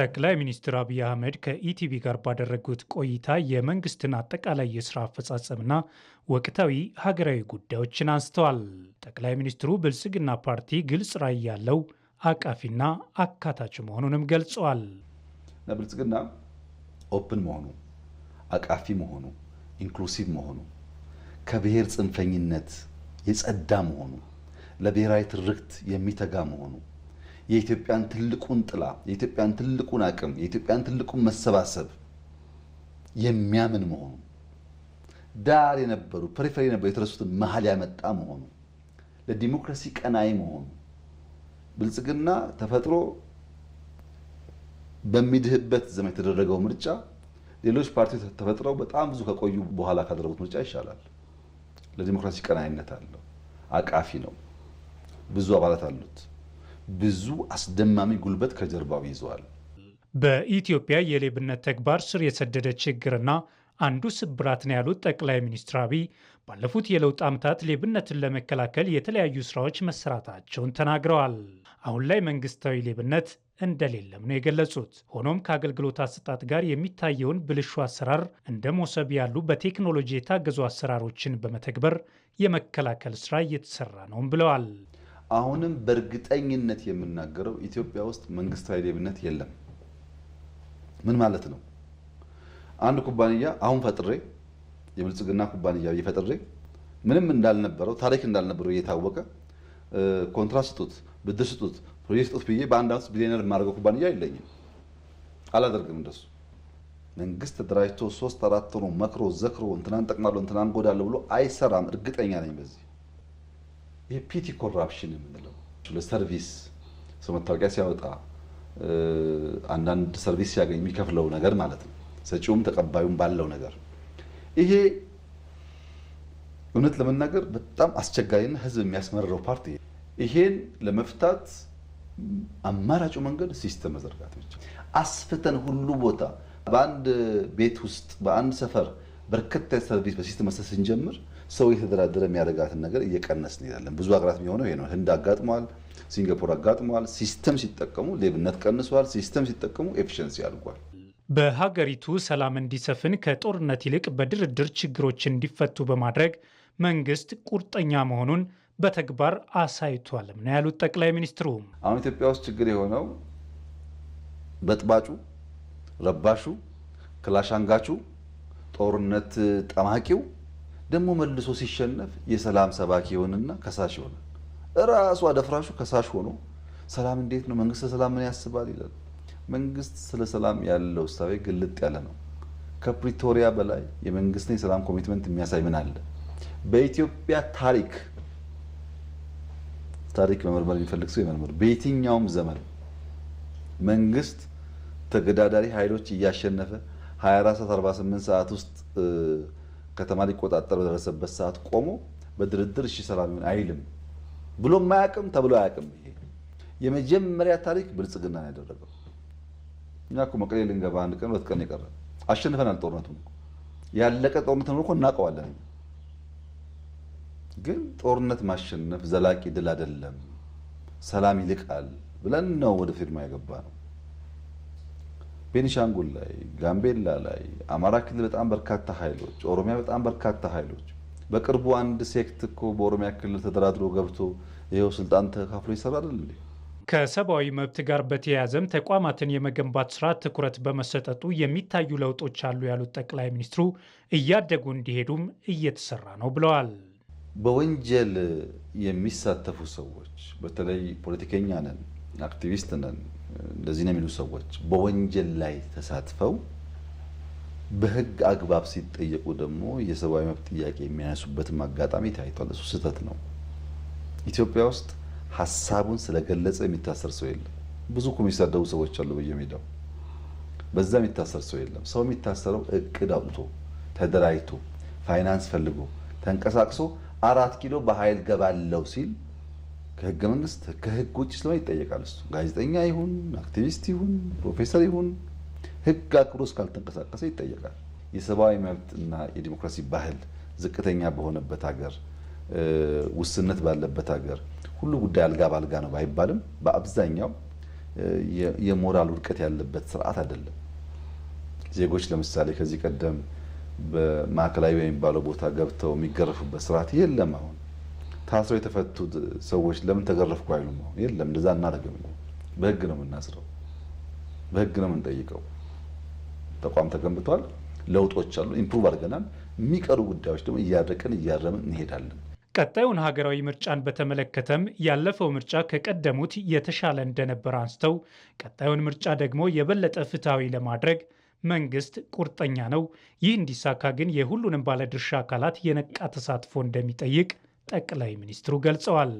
ጠቅላይ ሚኒስትር አብይ አህመድ ከኢቲቪ ጋር ባደረጉት ቆይታ የመንግስትን አጠቃላይ የስራ አፈጻጸምና ወቅታዊ ሀገራዊ ጉዳዮችን አንስተዋል። ጠቅላይ ሚኒስትሩ ብልጽግና ፓርቲ ግልጽ ራዕይ ያለው አቃፊና አካታች መሆኑንም ገልጸዋል። ብልጽግና ኦፕን መሆኑ፣ አቃፊ መሆኑ፣ ኢንክሉሲቭ መሆኑ፣ ከብሔር ጽንፈኝነት የጸዳ መሆኑ፣ ለብሔራዊ ትርክት የሚተጋ መሆኑ የኢትዮጵያን ትልቁን ጥላ፣ የኢትዮጵያን ትልቁን አቅም፣ የኢትዮጵያን ትልቁን መሰባሰብ የሚያምን መሆኑ ዳር የነበሩ ፐሪፈሪ የነበሩ የተረሱትን መሀል ያመጣ መሆኑ ለዲሞክራሲ ቀናይ መሆኑ ብልጽግና ተፈጥሮ በሚድህበት ዘመን የተደረገው ምርጫ ሌሎች ፓርቲዎች ተፈጥረው በጣም ብዙ ከቆዩ በኋላ ካደረጉት ምርጫ ይሻላል። ለዲሞክራሲ ቀናይነት አለው። አቃፊ ነው። ብዙ አባላት አሉት። ብዙ አስደማሚ ጉልበት ከጀርባው ይዘዋል። በኢትዮጵያ የሌብነት ተግባር ስር የሰደደ ችግርና አንዱ ስብራት ነው ያሉት ጠቅላይ ሚኒስትር አብይ ባለፉት የለውጥ ዓመታት ሌብነትን ለመከላከል የተለያዩ ስራዎች መሰራታቸውን ተናግረዋል። አሁን ላይ መንግስታዊ ሌብነት እንደሌለም ነው የገለጹት። ሆኖም ከአገልግሎት አሰጣጥ ጋር የሚታየውን ብልሹ አሰራር እንደ መውሰብ ያሉ በቴክኖሎጂ የታገዙ አሰራሮችን በመተግበር የመከላከል ስራ እየተሰራ ነውም ብለዋል። አሁንም በእርግጠኝነት የምናገረው ኢትዮጵያ ውስጥ መንግስታዊ ሌብነት የለም። ምን ማለት ነው? አንድ ኩባንያ አሁን ፈጥሬ የብልጽግና ኩባንያ እየፈጥሬ ምንም እንዳልነበረው ታሪክ እንዳልነበረው እየታወቀ ኮንትራት ስጡት፣ ብድር ስጡት፣ ፕሮጀክት ስጡት ብዬ በአንድ አንስ ቢሊዮነር የማደርገው ኩባንያ የለኝም። አላደርግም እንደሱ። መንግስት ተደራጅቶ ሶስት አራት ሆኖ መክሮ ዘክሮ እንትናን ጠቅማለሁ እንትናን ጎዳለሁ ብሎ አይሰራም። እርግጠኛ ነኝ በዚህ የፒቲ ኮራፕሽን የምንለው ለሰርቪስ ሰው መታወቂያ ሲያወጣ አንዳንድ ሰርቪስ ሲያገኝ የሚከፍለው ነገር ማለት ነው። ሰጪውም ተቀባዩም ባለው ነገር ይሄ እውነት ለመናገር በጣም አስቸጋሪና ህዝብ የሚያስመርረው ፓርቲ ይሄን ለመፍታት አማራጩ መንገድ ሲስተም መዘርጋት ብቻ። አስፍተን ሁሉ ቦታ በአንድ ቤት ውስጥ በአንድ ሰፈር በርከታ ሰርቪስ በሲስተም መስጠት ስንጀምር ሰው እየተደራደረ የሚያደርጋትን ነገር እየቀነስ እንሄዳለን። ብዙ ሀገራት የሚሆነው ይሄ ነው። ህንድ አጋጥሟል፣ ሲንጋፖር አጋጥሟል። ሲስተም ሲጠቀሙ ሌብነት ቀንሷል። ሲስተም ሲጠቀሙ ኤፊሽንሲ አድርጓል። በሀገሪቱ ሰላም እንዲሰፍን ከጦርነት ይልቅ በድርድር ችግሮች እንዲፈቱ በማድረግ መንግስት ቁርጠኛ መሆኑን በተግባር አሳይቷልም ነው ያሉት ጠቅላይ ሚኒስትሩ። አሁን ኢትዮጵያ ውስጥ ችግር የሆነው በጥባጩ፣ ረባሹ፣ ክላሽ አንጋቹ፣ ጦርነት ጠማቂው ደግሞ መልሶ ሲሸነፍ የሰላም ሰባኪ ይሆንና ከሳሽ ይሆናል። እራሱ አደፍራሹ ከሳሽ ሆኖ ሰላም እንዴት ነው መንግስት ሰላም ምን ያስባል ይላል። መንግስት ስለ ሰላም ያለው እሳቤ ግልጥ ያለ ነው። ከፕሪቶሪያ በላይ የመንግስትን የሰላም ኮሚትመንት የሚያሳይ ምን አለ? በኢትዮጵያ ታሪክ ታሪክ መመርመር የሚፈልግ ሰው ይመርምር። በየትኛውም ዘመን መንግስት ተገዳዳሪ ኃይሎች እያሸነፈ 24 48 ሰዓት ውስጥ ከተማ ሊቆጣጠር በደረሰበት ሰዓት ቆሞ በድርድር እሺ ሰላም ይሁን አይልም ብሎም ማያቅም ተብሎ አያውቅም። ይሄ የመጀመሪያ ታሪክ ብልጽግና ነው ያደረገው። እኛ እኮ መቀሌ ልንገባ አንድ ቀን ሁለት ቀን የቀረ አሸንፈናል። ጦርነቱን ያለቀ ጦርነት ነው እኮ እናውቀዋለን። ግን ጦርነት ማሸነፍ ዘላቂ ድል አይደለም፣ ሰላም ይልቃል ብለን ነው ወደ ፊርማ የገባ ነው። ቤኒሻንጉል ላይ፣ ጋምቤላ ላይ፣ አማራ ክልል በጣም በርካታ ኃይሎች፣ ኦሮሚያ በጣም በርካታ ኃይሎች። በቅርቡ አንድ ሴክት እኮ በኦሮሚያ ክልል ተደራድሮ ገብቶ ይኸው ስልጣን ተካፍሎ ይሰራል። ከሰብአዊ መብት ጋር በተያያዘም ተቋማትን የመገንባት ስራ ትኩረት በመሰጠቱ የሚታዩ ለውጦች አሉ ያሉት ጠቅላይ ሚኒስትሩ እያደጉ እንዲሄዱም እየተሰራ ነው ብለዋል። በወንጀል የሚሳተፉ ሰዎች በተለይ ፖለቲከኛ ነን፣ አክቲቪስት ነን እንደዚህ ነው የሚሉ ሰዎች በወንጀል ላይ ተሳትፈው በህግ አግባብ ሲጠየቁ ደግሞ የሰብአዊ መብት ጥያቄ የሚያነሱበትም አጋጣሚ ታይቷል። እሱ ስህተት ነው። ኢትዮጵያ ውስጥ ሀሳቡን ስለገለጸ የሚታሰር ሰው የለም። ብዙ እኮ የሚሳደቡ ሰዎች አሉ በየሜዳው፣ በዛ የሚታሰር ሰው የለም። ሰው የሚታሰረው እቅድ አውጥቶ ተደራጅቶ ፋይናንስ ፈልጎ ተንቀሳቅሶ አራት ኪሎ በኃይል ገባለው ሲል ከህገ መንግስት ከህግ ውጭ ስለማ ይጠየቃል። እሱ ጋዜጠኛ ይሁን አክቲቪስት ይሁን ፕሮፌሰር ይሁን ህግ አክብሮ እስካልተንቀሳቀሰ ይጠየቃል። የሰብአዊ መብት እና የዲሞክራሲ ባህል ዝቅተኛ በሆነበት ሀገር፣ ውስንነት ባለበት ሀገር ሁሉ ጉዳይ አልጋ ባልጋ ነው ባይባልም በአብዛኛው የሞራል ውድቀት ያለበት ስርዓት አይደለም። ዜጎች ለምሳሌ ከዚህ ቀደም በማዕከላዊ በሚባለው ቦታ ገብተው የሚገረፉበት ስርዓት የለም አሁን ታስረው የተፈቱት ሰዎች ለምን ተገረፍኩ አይሉም? የለም እንደዛ እናደርግም። በህግ ነው የምናስረው፣ በህግ ነው የምንጠይቀው። ተቋም ተገንብቷል፣ ለውጦች አሉ፣ ኢምፕሩቭ አድርገናል። የሚቀሩ ጉዳዮች ደግሞ እያረቅን እያረምን እንሄዳለን። ቀጣዩን ሀገራዊ ምርጫን በተመለከተም ያለፈው ምርጫ ከቀደሙት የተሻለ እንደነበር አንስተው ቀጣዩን ምርጫ ደግሞ የበለጠ ፍትሐዊ ለማድረግ መንግስት ቁርጠኛ ነው። ይህ እንዲሳካ ግን የሁሉንም ባለድርሻ አካላት የነቃ ተሳትፎ እንደሚጠይቅ ጠቅላይ ሚኒስትሩ ገልጸዋል።